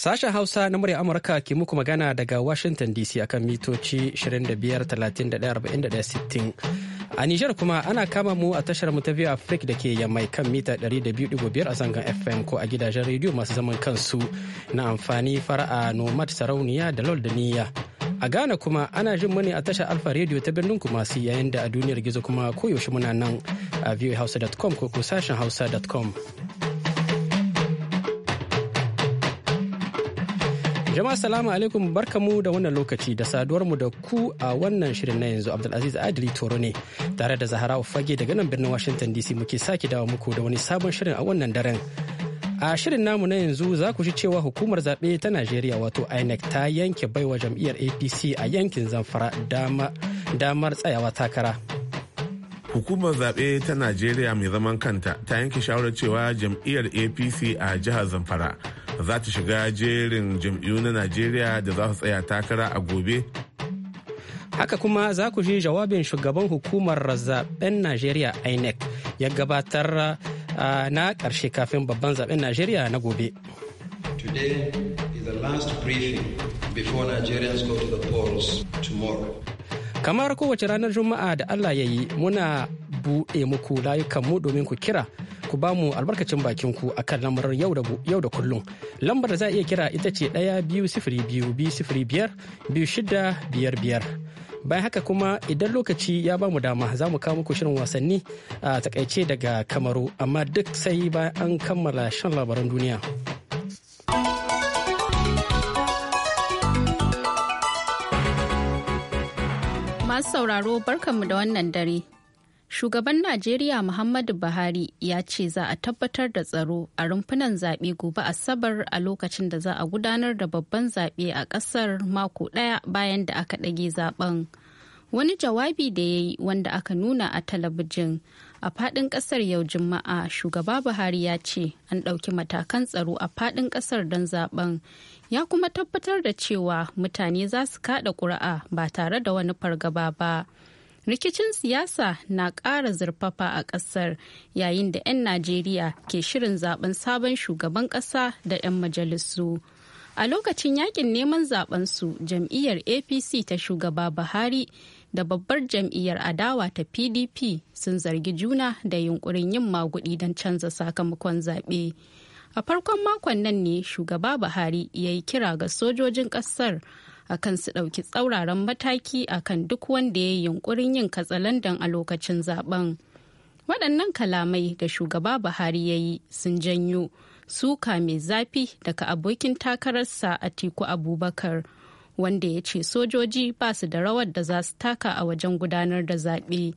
Sasha Hausa na murya Amurka ke muku magana daga Washington DC akan mitoci 25 A Nijar kuma ana kama mu a tashar mu ta biyu Africa da ke yammai kan mita 200.5 a zangon FM ko a gidajen rediyo masu zaman kansu na amfani fara'a Nomad Sarauniya da Lol da Niyya. A Ghana kuma ana jin mu ne a tashar Alfa Radio ta birnin Kumasi yayin da a duniyar gizo kuma koyaushe muna nan a viewhausa.com ko sashen hausa.com. Jama'a salamu alaikum barkamu da wannan lokaci da saduwar mu da ku a wannan shirin na yanzu Abdulaziz Adili Toro ne tare da Zahara Fage daga nan birnin Washington DC muke sake dawo muku da wani sabon shirin a wannan daren. A shirin namu na yanzu za ku ji cewa hukumar zaɓe ta Najeriya wato INEC ta yanke baiwa jam'iyyar APC a yankin Zamfara dama, damar tsayawa takara. hukumar zaɓe ta najeriya mai zaman kanta ta yanke shawarar cewa jam'iyyar apc a jihar zamfara za ta shiga jerin jam'iyyu na najeriya da za su tsaya takara a gobe haka kuma za ku ji jawabin shugaban hukumar zaben najeriya inec ya gabatar na ƙarshe kafin babban zaben najeriya na gobe Today is the last briefing before Nigerians go to the polls tomorrow. Kamar kowace ranar Juma'a da Allah ya yi muna buɗe muku layukanmu domin ku kira ku ba mu albarkacin bakin ku akan lamarin yau da kullum. Lambar da za a iya kira ita ce ɗaya biyu sifiri biyu biyu sifiri biyar biyu shida biyar biyar. bayan haka kuma idan lokaci ya ba mu dama za mu kawo muku shirin wasanni a takaice daga kamaru amma duk sai bayan an kammala shan labaran duniya masu sauraro barkanmu da wannan dare Shugaban Najeriya Muhammadu Buhari ya ce za a tabbatar da tsaro a rumfunan zaɓe gobe Asabar a lokacin da za a gudanar da babban zaɓe a ƙasar mako ɗaya bayan da aka ɗage zaɓen. Wani jawabi da ya yi wanda aka nuna a talabijin a faɗin ƙasar yau Juma'a shugaba Buhari ya ce an ɗauki matakan tsaro a faɗin ƙasar don zaɓen ya kuma tabbatar da cewa mutane za su kaɗa ƙuri'a ba tare da wani fargaba ba. rikicin siyasa na ƙara zurfafa a ƙasar yayin da 'yan najeriya ke shirin zaben sabon shugaban ƙasa da 'yan majalisu a lokacin yakin neman zaben su jam'iyyar apc ta shugaba buhari da babbar jam'iyyar adawa ta pdp sun zargi juna da yunkurin yin maguɗi don canza sakamakon zaɓe a farkon makon nan ne shugaba buhari ya yi kira ga sojojin ƙasar akan su ɗauki tsauraran mataki akan duk wanda ya yi yunkurin yin katsalandan a lokacin zaben. Waɗannan kalamai da shugaba Buhari ya yi sun janyo suka mai zafi daga abokin takararsa a Tiku Abubakar. wanda ya ce sojoji ba su da rawar da za su taka a wajen gudanar da zaɓe.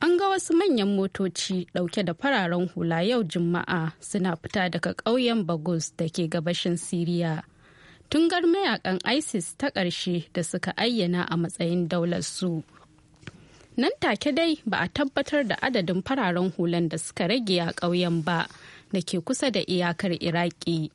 An ga wasu manyan motoci ɗauke da fararen hula yau Juma'a suna fita daga ƙauyen Bagus da ke gabashin Siriya. tun gar mayakan isis ta ƙarshe da suka ayyana a matsayin daular su nan take dai ba a tabbatar da adadin fararen hulan da suka rage a ƙauyen ba da ke kusa da iyakar iraki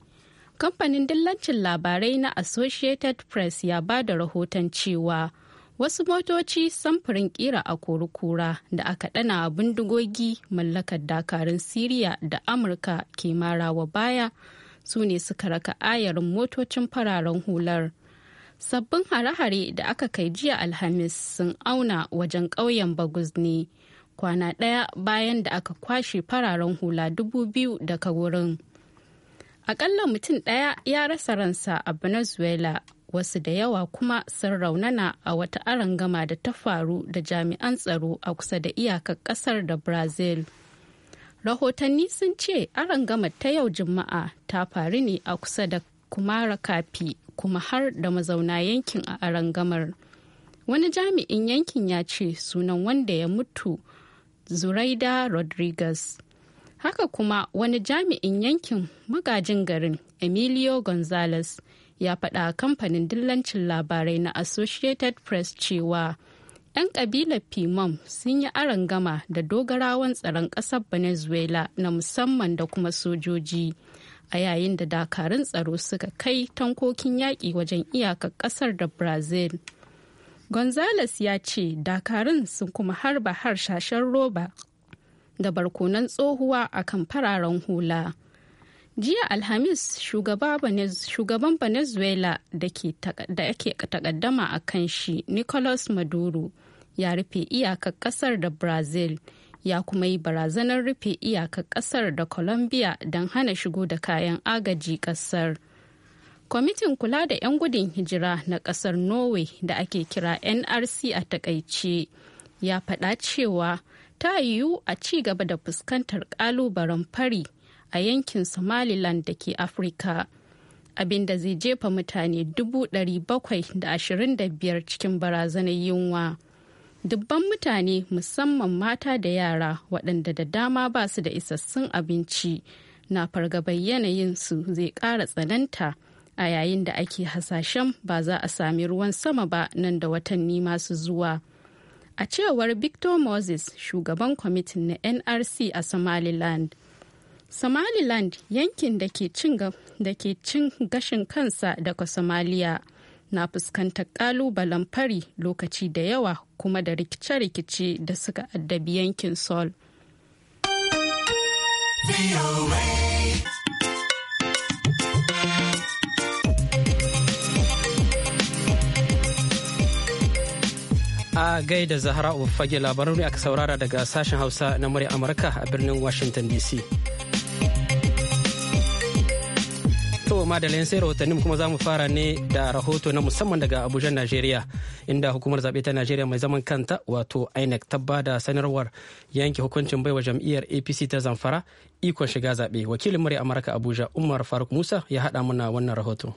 kamfanin dillancin labarai na associated press ya ba da rahoton cewa wasu motoci samfurin kira a kurukura da aka dana bindigogi mallakar dakarun siriya da amurka ke marawa baya su ne suka raka ayarin motocin fararen hular. Sabbin hare-hare da aka kai jiya Alhamis sun auna wajen ƙauyen baguzni kwana ɗaya bayan da aka kwashe fararen hula dubu biyu daga wurin. Aƙalla mutum ɗaya ya rasa ransa a Venezuela wasu da yawa kuma sun raunana a wata arangama da ta faru da jami'an tsaro a kusa da iyakar ƙasar da brazil rahotanni sun ce gama ta yau juma'a ta faru ne a kusa da kumara kafi kuma har da mazauna yankin a arangamar wani jami'in yankin ya ce sunan wanda ya mutu zuraida rodriguez haka kuma wani jami'in yankin magajin garin emilio gonzalez ya faɗa kamfanin dillancin labarai na associated press cewa 'Yan kabilar Pimom sun yi aron gama da dogarawan tsaron ƙasar Venezuela na musamman da kuma sojoji. A yayin da dakarun tsaro suka kai tankokin yaƙi wajen iyakar ƙasar da Brazil. Gonzales ya ce dakarun sun kuma harba harshashen roba da barkonan tsohuwa a kan fararen hula. jiya alhamis shugaban venezuela da ake takaddama a kan shi nicolas maduro ya rufe iyakar kasar da brazil ya kuma yi barazanar rufe iyakar kasar da colombia don hana shigo da kayan agaji kasar kwamitin kula da 'yan gudun hijira na kasar norway da ake kira nrc a takaice ya faɗa cewa ta yiwu a ci gaba da fuskantar kalubaren fari a yankin somaliland da ke afirka abinda zai jefa mutane 725 cikin barazanar yunwa. dubban mutane musamman mata da yara waɗanda da dama ba su da isassun abinci na fargabar su zai ƙara tsananta a yayin da ake hasashen ba za a sami ruwan sama ba nan da watanni masu zuwa a cewar victor moses shugaban kwamitin na nrc a somaliland somaliland yankin da ke cin gashin kansa daga somaliya na fuskantar kalubalen fari lokaci da yawa kuma da rikice-rikice da suka addabi yankin sol. a gaida zahra fage labarai aka saurara daga sashen hausa na murya amurka a birnin washington dc To madalin sai rahotannin kuma za mu fara ne da rahoto na musamman daga Abuja Najeriya inda hukumar zaɓe ta Najeriya mai zaman kanta wato INEC ta ba da sanarwar yanke hukuncin baiwa jam'iyyar APC ta Zamfara ikon shiga zaɓe. Wakilin murya Amurka Abuja Umar Faruk Musa ya haɗa muna wannan rahoto.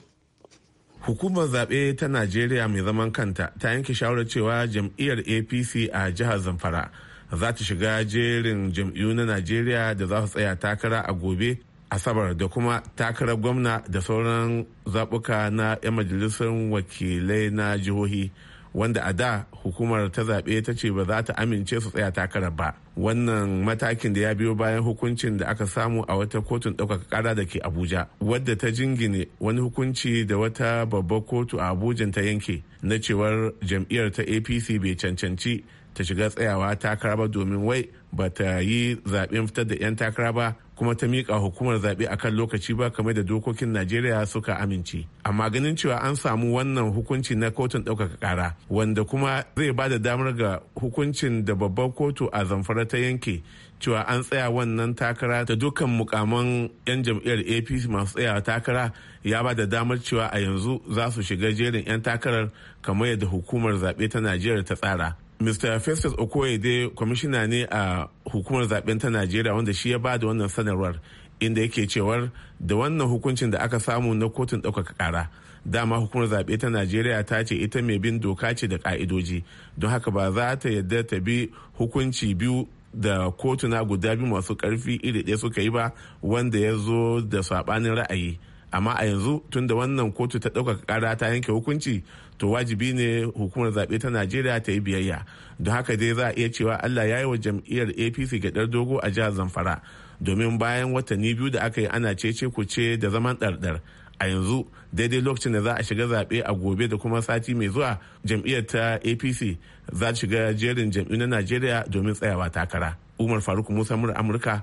Hukumar zaɓe ta Najeriya mai zaman kanta ta yanke shawarar cewa jam'iyyar APC a jihar Zamfara za ta shiga jerin jam'iyyu na Najeriya da za su tsaya takara a gobe asabar da kuma takarar gwamna da sauran zaɓuka na 'yan majalisar wakilai na jihohi wanda a da hukumar ta zaɓe ta ce ba za ta amince su tsaya takarar ba wannan matakin da ya biyo bayan hukuncin da aka samu a wata kotun ɗaukaka ƙara da ke abuja wadda ta jingine wani hukunci da wata babbar kotu a abuja ta yanke na cewar jam'iyyar ta apc bai cancanci ta shiga tsayawa takara ba domin wai ba ta yi zaɓen fitar da 'yan takara ba kuma ta miƙa hukumar zaɓe a kan lokaci ba kamar da dokokin najeriya suka amince amma ganin cewa an samu wannan hukunci na kotun ɗaukaka ƙara wanda kuma zai ba da damar ga hukuncin da babbar kotu a zamfara ta yanke cewa an tsaya wannan takara ta dukkan mukaman 'yan jam'iyyar apc masu tsayawa takara ya ba da damar cewa a yanzu za su shiga jerin 'yan takarar kamar yadda hukumar zaɓe ta najeriya ta tsara Mr. Festus dai kwamishina ne a hukumar zaben ta Najeriya wanda shi ya ba da wannan sanarwar inda yake cewar da wannan hukuncin da aka samu na kotun ɗaukaka ƙara dama hukumar zaɓe ta najeriya ta ce ita mai bin doka ce da ƙa'idoji don haka ba za ta yadda ta bi hukunci biyu da kotuna guda biyu masu ƙarfi iri ɗaya suka yi ba wanda ya zo da saɓanin ra'ayi amma a yanzu tunda wannan kotu ta ɗaukaka ƙara ta yanke hukunci to wajibi ne hukumar zaɓe ta najeriya ta yi biyayya don haka dai za a iya cewa allah ya yi wa jam'iyyar apc gaɗar dogo a jihar zamfara domin bayan watanni biyu da aka yi ana cece kuce da zaman ɗarɗar a yanzu daidai lokacin da za a shiga zaɓe a gobe da kuma sati mai zuwa jam'iyyar ta apc za ta shiga jerin jam'iyyu na najeriya domin tsayawa takara umar faruk musa mura amurka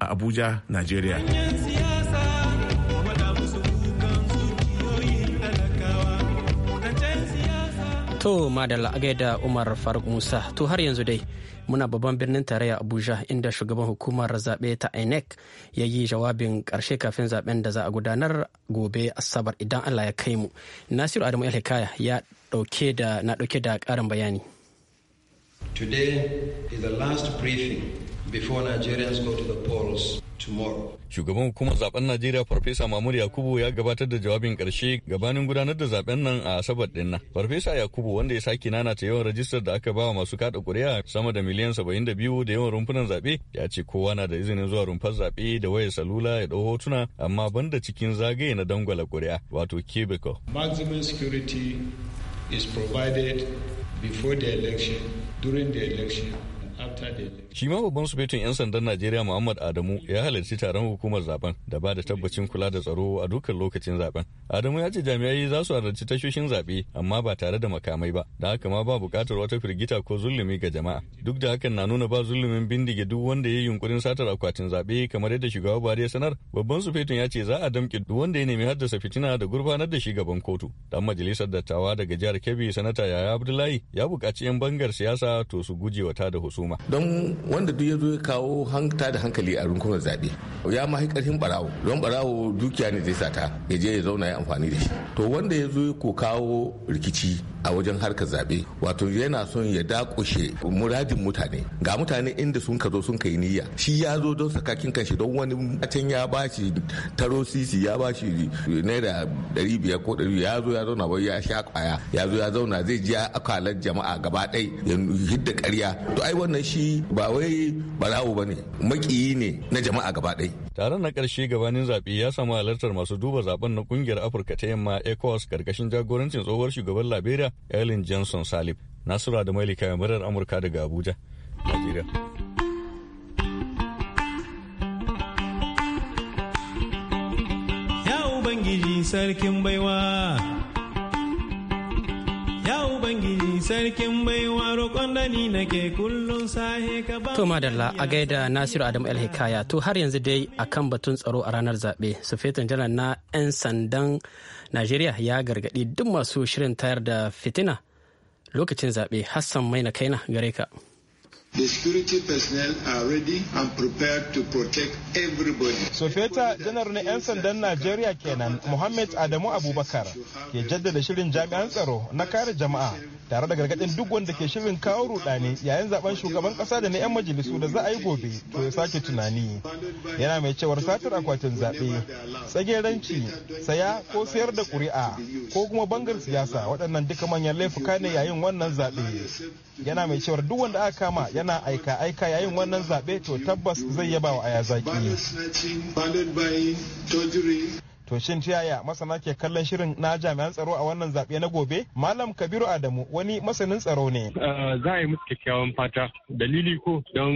a abuja najeriya To madalla da Umar Faruk Musa to har yanzu dai muna babban birnin tarayya Abuja inda shugaban hukumar zaɓe ta INEC ya yi jawabin ƙarshe kafin zaɓen da za a gudanar gobe Asabar idan Allah ya kai mu. Nasiru Adamu El ya ɗauke na ɗauke da ƙarin bayani. Today is the last briefing before Nigerians go to the polls tomorrow. Shugaban hukumar zaben Najeriya Farfesa Mamuru Yakubu ya gabatar da jawabin karshe gabanin gudanar da zaben nan a Asabar din nan. Farfesa Yakubu wanda ya sake nanata yawan rajistar da aka ba wa masu kada kuri'a sama da miliyan 72 da yawan rumfunan zabe ya ce kowa na da izinin zuwa rumfar zabe da wayar salula ya dau hotuna amma banda cikin zagaye na dangwala kuri'a wato cubicle. Maximum security is provided before the election during the election and after the election. Shi ma babban sufetin 'yan sandan Najeriya Muhammad Adamu ya halarci taron hukumar zaben da ba da tabbacin kula da tsaro a dukkan lokacin zaben. Adamu ya ce jami'ai za su halarci tashoshin zaɓe amma ba tare da makamai ba, da haka ma ba buƙatar wata firgita ko zulumi ga jama'a. Duk da hakan na nuna ba zulumin bindige duk wanda ya yi yunkurin satar akwatin zaɓe kamar yadda shugaba Buhari ya sanar. Babban sufetin ya ce za a damƙe duk wanda ya nemi haddasa fitina da gurfanar da shi gaban kotu. Dan majalisar dattawa daga jihar Kebbi sanata Yaya Abdullahi ya buƙaci 'yan bangar siyasa to su guje wa tada husuma. wanda duk ya zo ya kawo hanta da hankali a rinkunar zaɓe ya ma karfin barawo don barawo dukiya ne zai sata ya je ya zauna ya amfani da shi to wanda ya zo ko kawo rikici a wajen harkar zaɓe wato yana son ya dakushe muradin mutane ga mutane inda sun ka zo sun kai niyya shi ya zo don sakakin kanshi don wani matan ya ba shi taro sisi ya ba bashi naira ɗari biyar ko ɗari ya zo ya zauna bai ya sha kwaya ya zo ya zauna zai ji akalar jama'a gaba ɗai ya hidda ƙarya to ai wannan shi ba wai barawo ba ne makiyi ne na jama'a gaba ɗai. taron na karshe gabanin zaɓe ya samu halartar masu duba zaben na ƙungiyar afirka ta yamma ecowas karkashin jagorancin tsohuwar shugaban liberia ellen johnson salib nasura da mailika murar amurka daga abuja nigeria. ya ubangiji sarkin baiwa Ya Ubangiji sarkin baiwa roƙon nake kullum sahe ka ba. To madalla a gaida Nasiru Adamu El Hikaya to har yanzu dai akan batun tsaro a ranar zaɓe sufetan janar na 'yan sandan Najeriya ya gargaɗi duk masu shirin tayar da fitina lokacin zaɓe Hassan Maina Kaina gare ka. The security personnel are ready and prepared to protect everybody. Sofeta janar na 'yan sandan Najeriya kenan Muhammad Adamu Abubakar ke jaddada shirin jami'an tsaro na kare jama'a tare da gargadin duk wanda ke shirin kawo rudani yayin zaben shugaban kasa da na 'yan majalisu da za a yi gobe to ya sake tunani. Yana mai cewar satar akwatin zaɓe, tsageranci, saya ko sayar da ƙuri'a ko kuma bangar siyasa waɗannan duka manyan laifuka ne yayin wannan zaɓe. yana mai cewar duk wanda aka kama yana aika aika yayin wannan zaɓe to tabbas zai yaba wa ayazaki To shin yaya masana ke kallon shirin na jami'an tsaro a wannan zaɓe na gobe? Malam Kabiru Adamu wani masanin tsaro ne. Eh, za a yi musu kyakkyawan fata. Dalili ko don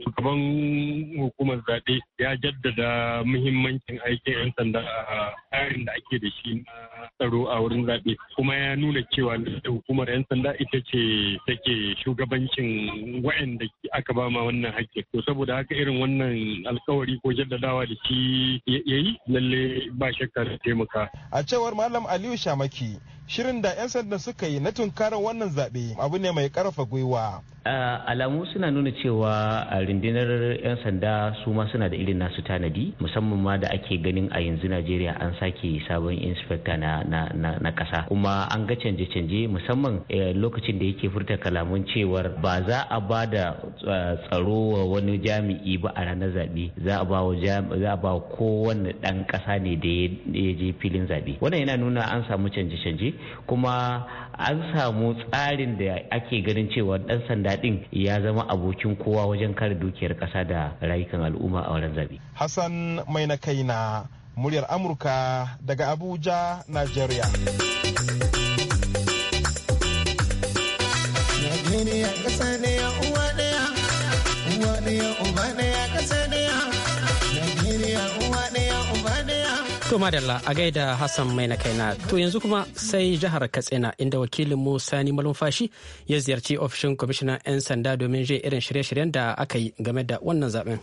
shugaban hukumar zaɓe ya jaddada muhimmancin aikin 'yan sanda a tsarin da ake da shi na tsaro a wurin zaɓe. Kuma ya nuna cewa hukumar 'yan sanda ita ce take shugabancin wa'anda aka ba ma wannan hakki. To saboda haka irin wannan alkawari ko jaddadawa da shi ya yi lalle ba shakka taimaka. A cewar Malam Aliyu Shamaki shirin da 'yan sanda suka yi na tunkarar wannan zaɓe abu ne mai ƙarfa gwiwa. alamu suna nuna cewa a rundunar 'yan sanda su ma suna da irin nasu tanadi musamman ma da ake ganin a yanzu najeriya an sake sabon inspekta na, na, ƙasa kuma an ga canje-canje musamman eh, lokacin da yake furta kalamun cewar ba za a ba da tsaro wa wani jami'i ba a ranar zaɓe za a ba wa kowane ɗan ƙasa ne da ya je filin zaɓe wannan yana nuna an samu canje-canje kuma an samu tsarin da ake ganin cewa dan sanda din ya zama abokin kowa wajen kare dukiyar kasa da rayukan al'umma a wurin zabe hassan mai na kai na muryar amurka daga abuja nigeria To madalla a gaida Hassan mai na kaina. To yanzu kuma sai jihar Katsina inda wakilinmu Sani Malumfashi ya ziyarci ofishin kwamishinan 'yan sanda domin je irin shirye-shiryen da aka yi game da wannan zaben.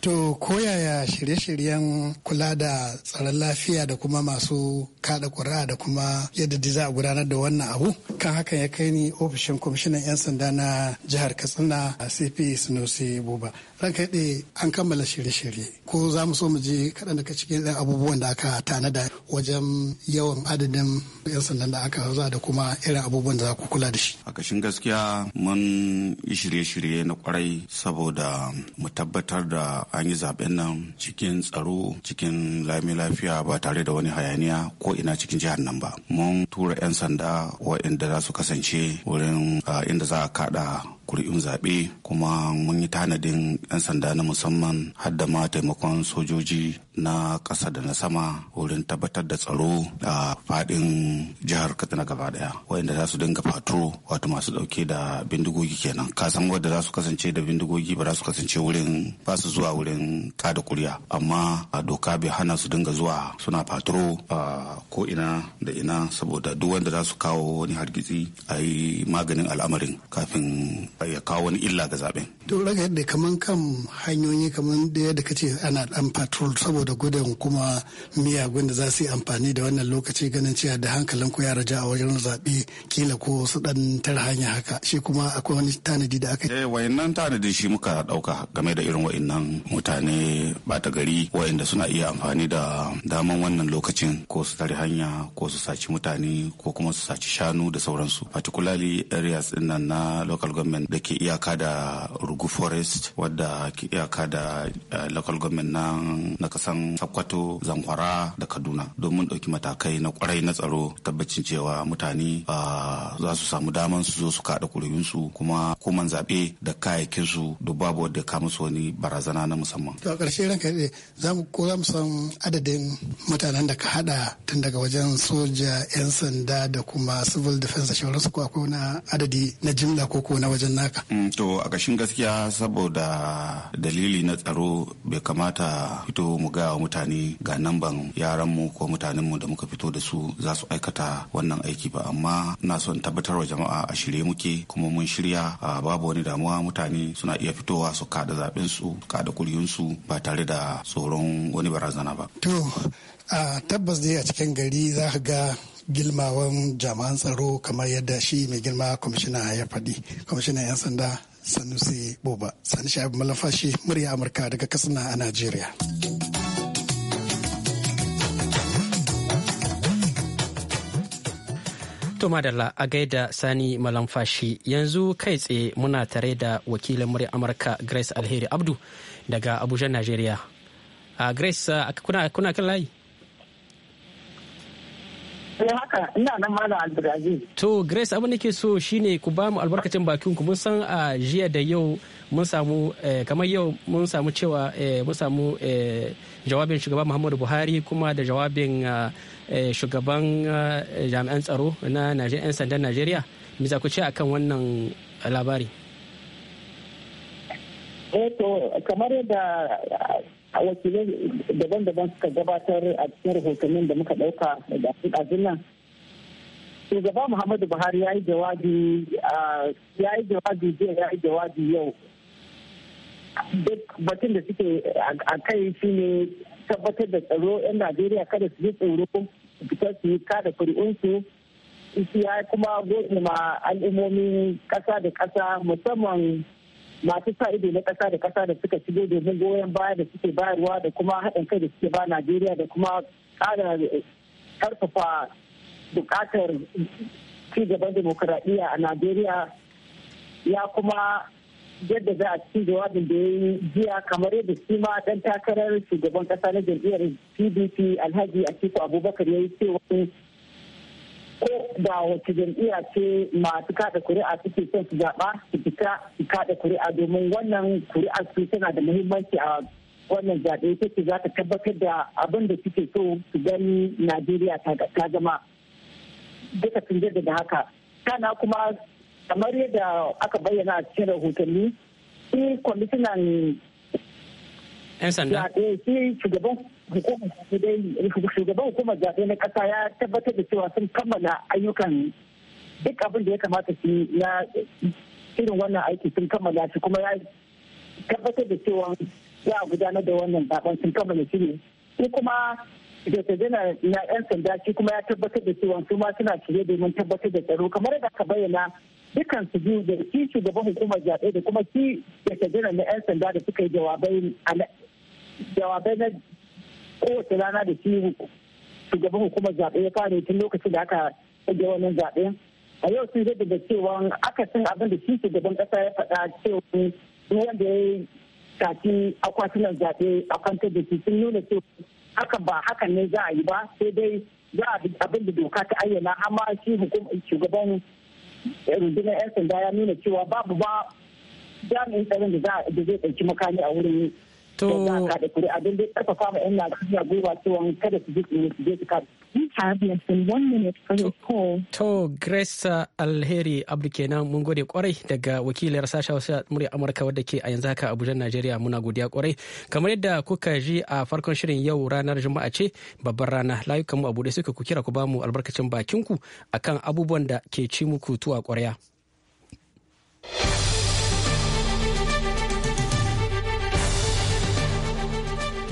To koyaya shirye-shiryen kula da tsaron lafiya da kuma masu kada ƙuri'a da kuma yadda za a gudanar da wannan abu kan hakan ya kai ni ofishin kwamishinan 'yan sanda na jihar Katsina a CP Sunusi Buba. ranka ɗe an kammala shirye-shirye ko za mu so mu je kaɗan daga cikin ɗan abubuwan da aka da wajen yawan adadin 'yan sandan da aka za da kuma irin abubuwan da za ku kula da shi. A kashin gaskiya mun yi shirye-shirye na kwarai saboda mu tabbatar da an yi zaben nan cikin tsaro cikin lami lafiya ba tare da wani hayaniya ko ina cikin jihar nan ba. Mun tura 'yan sanda wa'inda za su kasance wurin ah, inda za a kaɗa kuri'un zaɓe kuma mun yi tanadin 'yan sanda na musamman har ma taimakon sojoji na ƙasa da na sama wurin tabbatar da tsaro a faɗin jihar katsina gaba daya wayanda za su dinga faturo wato masu ɗauke da bindigogi kenan kasan wadda za su kasance da bindigogi ba za su kasance wurin ba su zuwa wurin da kuriya amma a doka bai hana su dinga zuwa suna faturo a ko ina da ina saboda duk wanda za su kawo wani hargitsi a yi maganin al'amarin kafin ya kawo wani illa ga zaɓen. to raga yadda kaman kan hanyoyi kaman da yadda kace ana dan patrol saboda saboda gudun kuma miyagun da za su yi amfani da wannan lokaci ganin cewa da hankalin ku ya raja a wajen zaɓe kila ko su ɗan tar hanya haka shi kuma akwai wani tanadi da aka yi. Eh, wayannan tanadi shi muka ɗauka game da irin wayannan mutane ɓata gari wayanda suna iya amfani da daman wannan lokacin ko su tare hanya ko su saci mutane ko kuma su saci shanu da sauransu particularly areas din nan na local government da ke iyaka da rugu forest wadda ke iyaka da eh, local government na na kasa iyakan sakkwato zankwara da Kaduna domin ɗauki matakai na kwarai na tsaro tabbacin cewa mutane ah, za su samu daman su zo su kaɗa ƙuri'unsu kuma koman zaɓe da kayayyakin su duk babu wanda ka musu wani barazana na musamman. To a ƙarshe ranka ne za mu ko za mu san adadin mutanen da ka haɗa tun daga wajen soja, 'yan sanda da kuma civil defense da su ko akwai na adadi na jimla ko ko na wajen naka. Mm, to a ƙashin gaskiya saboda dalili na tsaro bai kamata fito mu ga gaya wa mutane ga namban yaranmu ko mu da muka fito da su za su aikata wannan aiki ba amma ina son tabbatar wa jama'a a shirye muke kuma mun shirya a babu wani damuwa mutane suna iya fitowa su kada zaɓen su kada kuryunsu ba tare da tsoron wani barazana ba. To a tabbas dai a cikin gari za ka ga gilmawan jami'an tsaro kamar yadda shi mai girma kwamishina ya faɗi kwamishinan 'yan sanda sanusi boba sanusi abu malafashi murya amurka daga katsina a najeriya. To madalla a gaida Sani Malamfashi yanzu kai tsaye muna tare da wakilin murya Amurka Grace Alheri Abdu daga Abuja, Najeriya. Uh, Grace uh, kuna, kuna kan layi? Eh, haka ina nan To Grace abin da ke so shine ku ba mu albarkacin bakin ku mun san a jiya da yau mun samu eh, kamar yau mun samu cewa eh, mun samu eh, jawabin shugaban muhammadu buhari kuma da jawabin shugaban jami'an tsaro na 'yan sandan najeriya me ku ce akan wannan labari Eto kamar yadda wakilai daban-daban suka gabatar a cikin rahotannin da muka dauka da ɗazin nan shugaba muhammadu buhari ya jawabi ah, ya yi jawabi jiya ya yi jawabi yau duk batun da suke a kai shi ne tabbatar da tsaro 'yan najeriya kada su yi tsoro fita su yi kada kuri'unsu ya kuma gode ma al'ummomin kasa da kasa musamman masu sa ido na kasa da kasa da suka shigo domin goyon baya da suke bayarwa da kuma haɗin kai da suke ba najeriya da kuma ƙara ƙarfafa buƙatar ci gaban demokuraɗiyya a najeriya ya kuma yadda za a ci jawabin da ya yi jiya kamar yadda shi ma dan takarar shugaban kasa na jam'iyyar pdp alhaji atiku abubakar ya yi cewa ko da wace jam'iyya ce masu kada kuri'a suke son su zaɓa su fita su kada kuri'a domin wannan kuri'a su tana da muhimmanci a wannan zaɓe ita ce za ta tabbatar da abin da suke so su gani najeriya ta zama duka sun da haka kana kuma kamar yadda aka bayyana a cikin rahotanni shi kwamishinan yan sanda shi shugaban shugaban hukumar zaɓe na ƙasa ya tabbatar da cewa sun kammala ayyukan duk abin da ya kamata shi na irin wannan aiki sun kammala shi kuma ya tabbatar da cewa za a gudanar da wannan zaben sun kammala shi ne shi kuma da zina na yan sanda shi kuma ya tabbatar da cewa su ma suna shirye domin tabbatar da tsaro kamar yadda aka bayyana dukkan su biyu da shi shugaban hukumar zaɓe da kuma shi da jiran na 'yan sanda da suka yi jawabai na kowace rana da shi shugaban hukumar zaɓe ya fara tun lokacin da aka ɗage wannan zaɓe a yau sun zai da cewa aka san abin da shi shugaban ƙasa ya faɗa cewa duk wanda ya yi tafi akwatunan zaɓe a kwantar da shi sun nuna cewa haka ba hakan ne za a yi ba sai dai za a abin da doka ta ayyana amma shi shugaban Eh, rundunar 'yan sanda ya nuna cewa babu ba jami'in tsaron da za zai ɗauki makami a wurin to da za a kuri abin da ya karfafa ma 'yan najeriya gwiwa cewa kada su ji su je su kada we To Grace Alheri Abdu kenan mun gode kwarai daga wakilar sashen Hausa murya Amurka wadda ke a yanzu haka Abuja Najeriya muna godiya kwarai. Kamar yadda kuka ji a farkon shirin yau ranar Juma'a ce babbar rana layukan mu a bude suka ku kira ku bamu albarkacin bakin ku kan abubuwan da ke ci muku tuwa kwarya.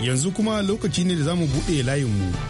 Yanzu kuma lokaci ne da za mu buɗe layinmu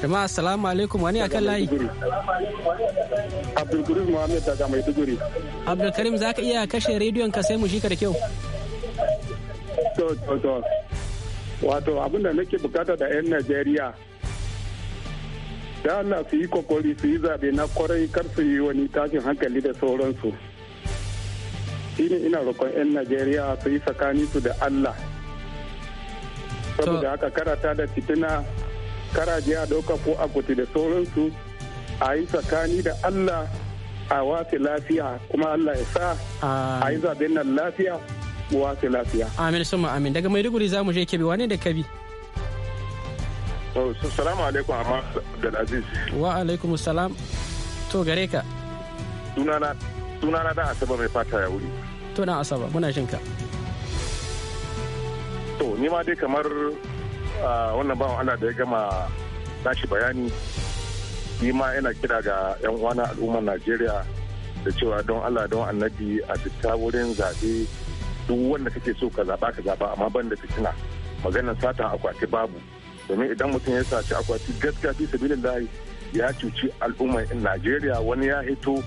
jama'a assalamu alaikum wani akan layi abdulkarim muhammad daga maiduguri abdulkarim za ka iya kashe rediyon ka sai mu shi da kyau wato abin da nake bukata da 'yan najeriya da allah su yi kokori su yi zabe na kwarai kar su yi wani tashin hankali da sauransu shine ina roƙon 'yan najeriya su yi tsakaninsu da allah saboda haka karata da fitina karaje a ɗauka ko kuti da sauransu a yi tsakani da allah a wace lafiya kuma allah ya sa a yi zaben nan lafiya wace lafiya amin suma amin daga maiduguri za mu je kebe wane da kabi oh, salamu alaikum amma Aziz. wa alaikum salam to gare ka sunana da asaba mai fata ya wuri to na asaba muna shinka to ni ma dai kamar Ah, wannan bawan Allah da ya gama tashi bayani ni ma yana kira ga 'yan uwana al'ummar Najeriya da cewa don Allah don annabi a fita wurin zaɓe duk wanda kake so ka zaɓa ka zaɓa amma ban da fitina maganar satan akwati babu domin idan mutum ya saci akwati gaskiya fi layi ya cuci al'ummar Najeriya wani ya hito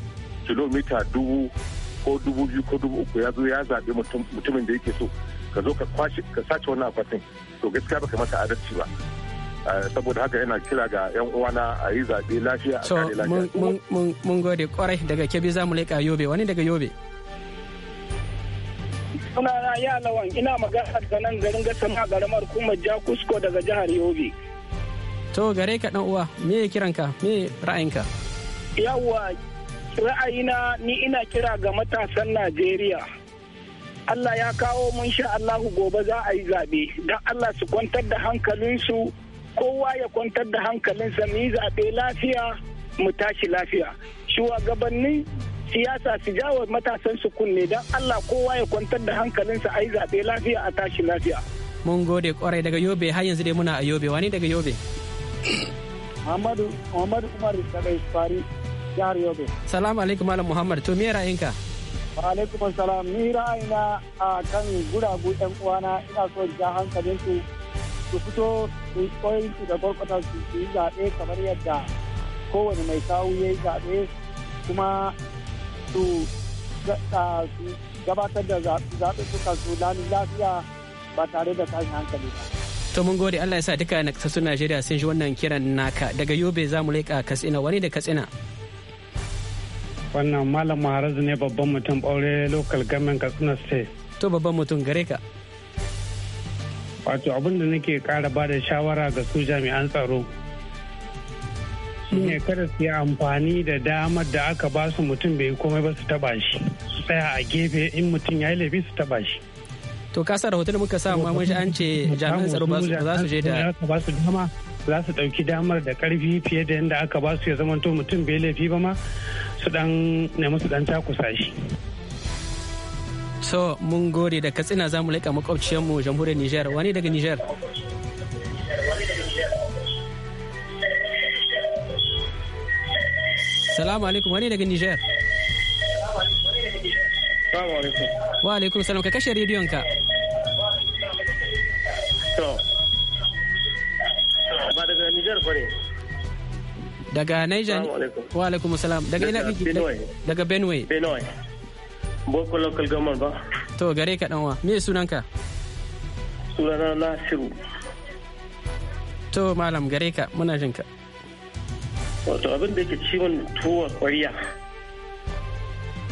kilomita dubu ko dubu biyu ko dubu uku ya zo ya zaɓe mutumin da yake so ka zo ka kwashi ka sace wannan akwatin to gaskiya baka mata adalci ba eh, saboda haka yana kira ga 'yan uwana a yi zaɓe lafiya a kare lafiya. mun gode kwarai daga kebi za mu leƙa yobe wani daga yobe. suna na ya lawan ina magana da nan garin gasa ma garamar kuma ja kusko daga jihar yobe. to gare ka dan uwa me kiranka me ra'ayinka. yawwa ra'ayina ni ina kira ga matasan najeriya. Allah ya kawo mun sha Allahu gobe za a yi zaɓe don Allah su kwantar da hankalinsu kowa ya kwantar da hankalinsa mu yi zaɓe lafiya mu tashi lafiya shugabannin siyasa su jawo matasan su kunne don Allah kowa ya kwantar da hankalinsa a yi zaɓe lafiya a tashi lafiya. Mun gode kwarai daga Yobe har yanzu dai muna a Yobe wani daga Yobe. Muhammadu Umar daga Isfari jihar Yobe. Salamu alaikum Malam Muhammad to me ra'ayinka? alaikum salam ni ra'ayina a kan guragu yan uwana ina so ja hankalin su su fito su koyi su da gwalkwata su su yi zaɓe kamar yadda kowane mai kawo ya yi zaɓe kuma su gabatar da zaɓe kan su lani lafiya ba tare da tashin hankali ba. To mun gode Allah ya sa duka na kasassun Najeriya sun ji wannan kiran naka daga Yobe za mu leƙa Katsina wani da Katsina. wannan malam maharazu ne babban mutum ɓaure local government katsina state to babban mutum gare ka wato abinda nake kara ba da shawara ga su jami'an tsaro shine mm. kada su yi amfani da damar da aka ba su mutum bai komai ba su taba shi su tsaya a gefe in mutum ya yi laifi su taba shi to kasa da da muka sa mamman shi an ce jami'an tsaro ba su je da ba su dama za su dauki damar da karfi fiye da yadda aka ba su ya zamanto mutum bai laifi ba ma su dan ne musu dan takusa shi so mun gode da katsina za mu laika mu jamhuriyar niger wani daga niger salamu alaikum wani daga niger wa alaikum salam ka kashe rediyon ka ba daga niger ba daga Niger wa alaikum salam daga ina kake daga Benue Benue Boko local government ba to gare ka wa me sunanka sunana Nasiru to malam gare ka muna jin ka wato abin da yake ciwon tuwa kwariya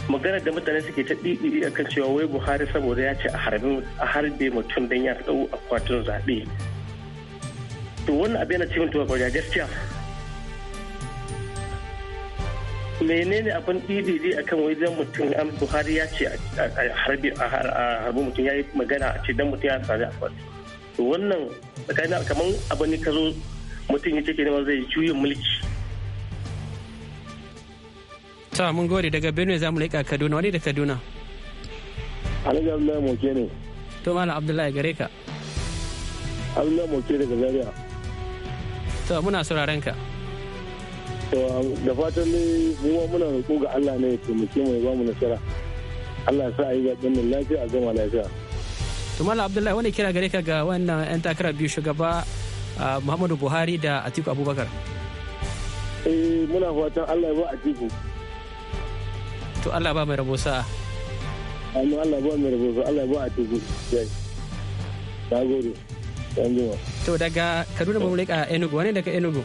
magana da mutane suke ta ɗiɗi a kan cewa wai buhari saboda ya ce a harbe mutum don ya a akwatin zaɓe to wannan abin yana ciwon tuwa kwariya gaskiya menene abin ɗiɗiɗi a kan wajen mutum an buhari ya ce a harbi mutum ya yi magana a ce dan mutum ya sami afuwa to wannan tsakanin kamar abin ne ka zo mutum ya ce neman zai juyin mulki ta mun gode daga benue za mu laika kaduna wani da kaduna alhaji abdullahi moke ne to malam abdullahi gare ka abdullahi moke daga zaria to muna sauraron ka da fatan ne kuma muna roƙo ga Allah ne ya taimake mu ya ba mu nasara Allah ya sa a yi zaɓen nan lafiya a zama lafiya to mallam abdullahi wani kira gare ka ga wannan yan takara biyu shugaba muhammadu buhari da atiku abubakar eh muna fatan Allah ya ba atiku to Allah ba mai rabo sa'a amma Allah ba mai rabo Allah ba atiku dai gode. to daga Kaduna ba rika Enugu wani daga Enugu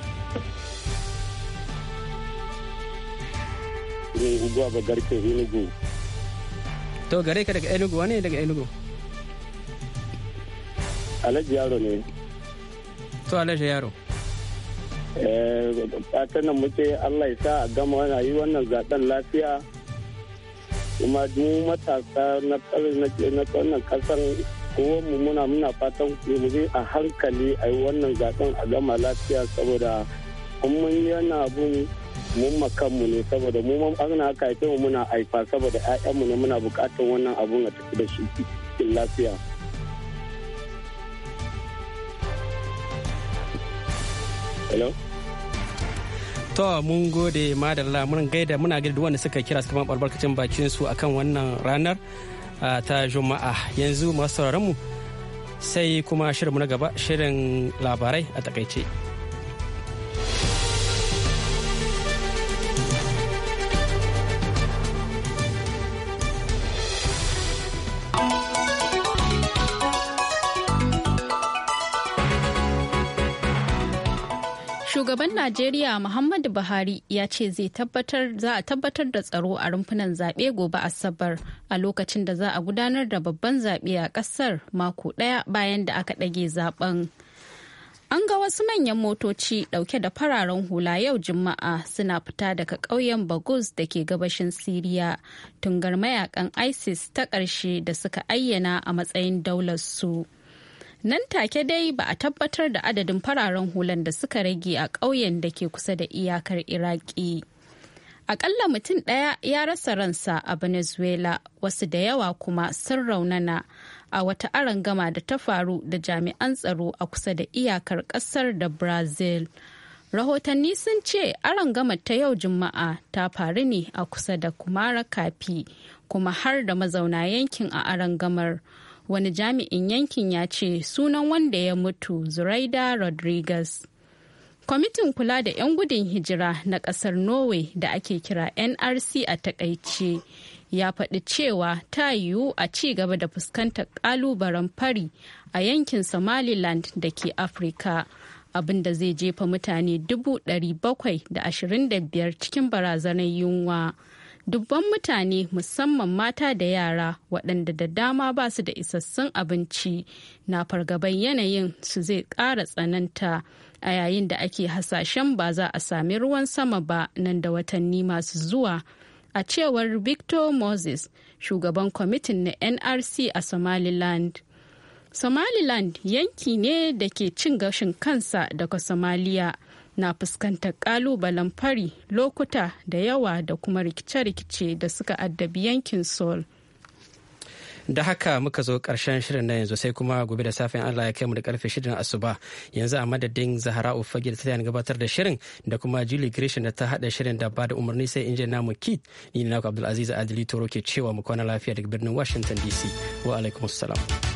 unguwa garke enugu to gare ka daga enugu wane daga enugu alhaji yaro ne to alhaji yaro eh, fatan nan muke allah ya sa a gama wana yi wannan zaben lafiya kuma mu matasa na wannan kasan kowanne muna muna fatan mu je a hankali a yi wannan zaben a gama lafiya saboda kuma yana abun mun kanmu ne saboda mu man ana haka haife mu muna haifa saboda yayanmu ne muna bukatar wannan abun a tafi da shi cikin lafiya. Hello? To mun gode madalla mun gaida muna gaida wanda suka kira suka ma barbarkacin bakin su akan wannan ranar ta Juma'a yanzu masu sauraron mu sai kuma shirin na gaba shirin labarai a takaice. Najeriya Muhammadu Buhari ya ce zai tabbatar za a tabbatar da tsaro a rumfunan zaɓe gobe Asabar a lokacin da za a gudanar da babban zaɓe a ƙasar mako ɗaya bayan da aka ɗage zaɓen. An ga wasu manyan motoci ɗauke da fararen hula yau Juma'a suna fita daga ƙauyen Bagus da ke gabashin Siriya tungar mayakan ISIS ta ƙarshe da suka ayyana a matsayin daular su. Nan take dai ba a tabbatar da adadin fararen hulan da suka rage a ƙauyen da ke kusa da iyakar Iraki. aƙalla mutum ɗaya ya rasa ransa a Venezuela, wasu da yawa kuma sun raunana a wata arangama da ta faru da jami'an tsaro a kusa da iyakar ƙasar da Brazil. rahotanni sun ce gama ta yau juma'a ta faru ne a kusa da kumara kafi kuma har da mazauna yankin a arangamar wani jami'in yankin ya ce sunan wanda ya mutu zuraida rodriguez kwamitin kula da 'yan gudun hijira na kasar norway da ake kira nrc a takaice ya faɗi cewa ta yiwu a ci gaba da fuskantar ƙalubaren fari a yankin somaliland da ke afirka abinda zai jefa mutane 725 cikin barazanar yunwa. dubban mutane musamman mata da yara waɗanda da dama ba su da isassun abinci na fargaban yanayin su zai ƙara tsananta a yayin da ake hasashen ba za a sami ruwan sama ba nan da watanni masu zuwa a cewar victor moses shugaban kwamitin na nrc a somaliland somaliland yanki ne da ke cin gashin kansa daga somaliya na fuskantar kalubalen fari lokuta da yawa da kuma rikice-rikice da suka addabi yankin sol da haka muka zo karshen shirin na yanzu sai kuma gobe da safin Allah ya kai mu da karfe shirin asuba yanzu a madadin Zahara ufagi da ta gabatar da shirin da kuma Julie grishin da ta hada shirin da ba da umarni sai injin namu Kit ni ne naku Abdulaziz Adili Toro ke cewa mu kwana lafiya daga birnin Washington DC wa alaikumus salam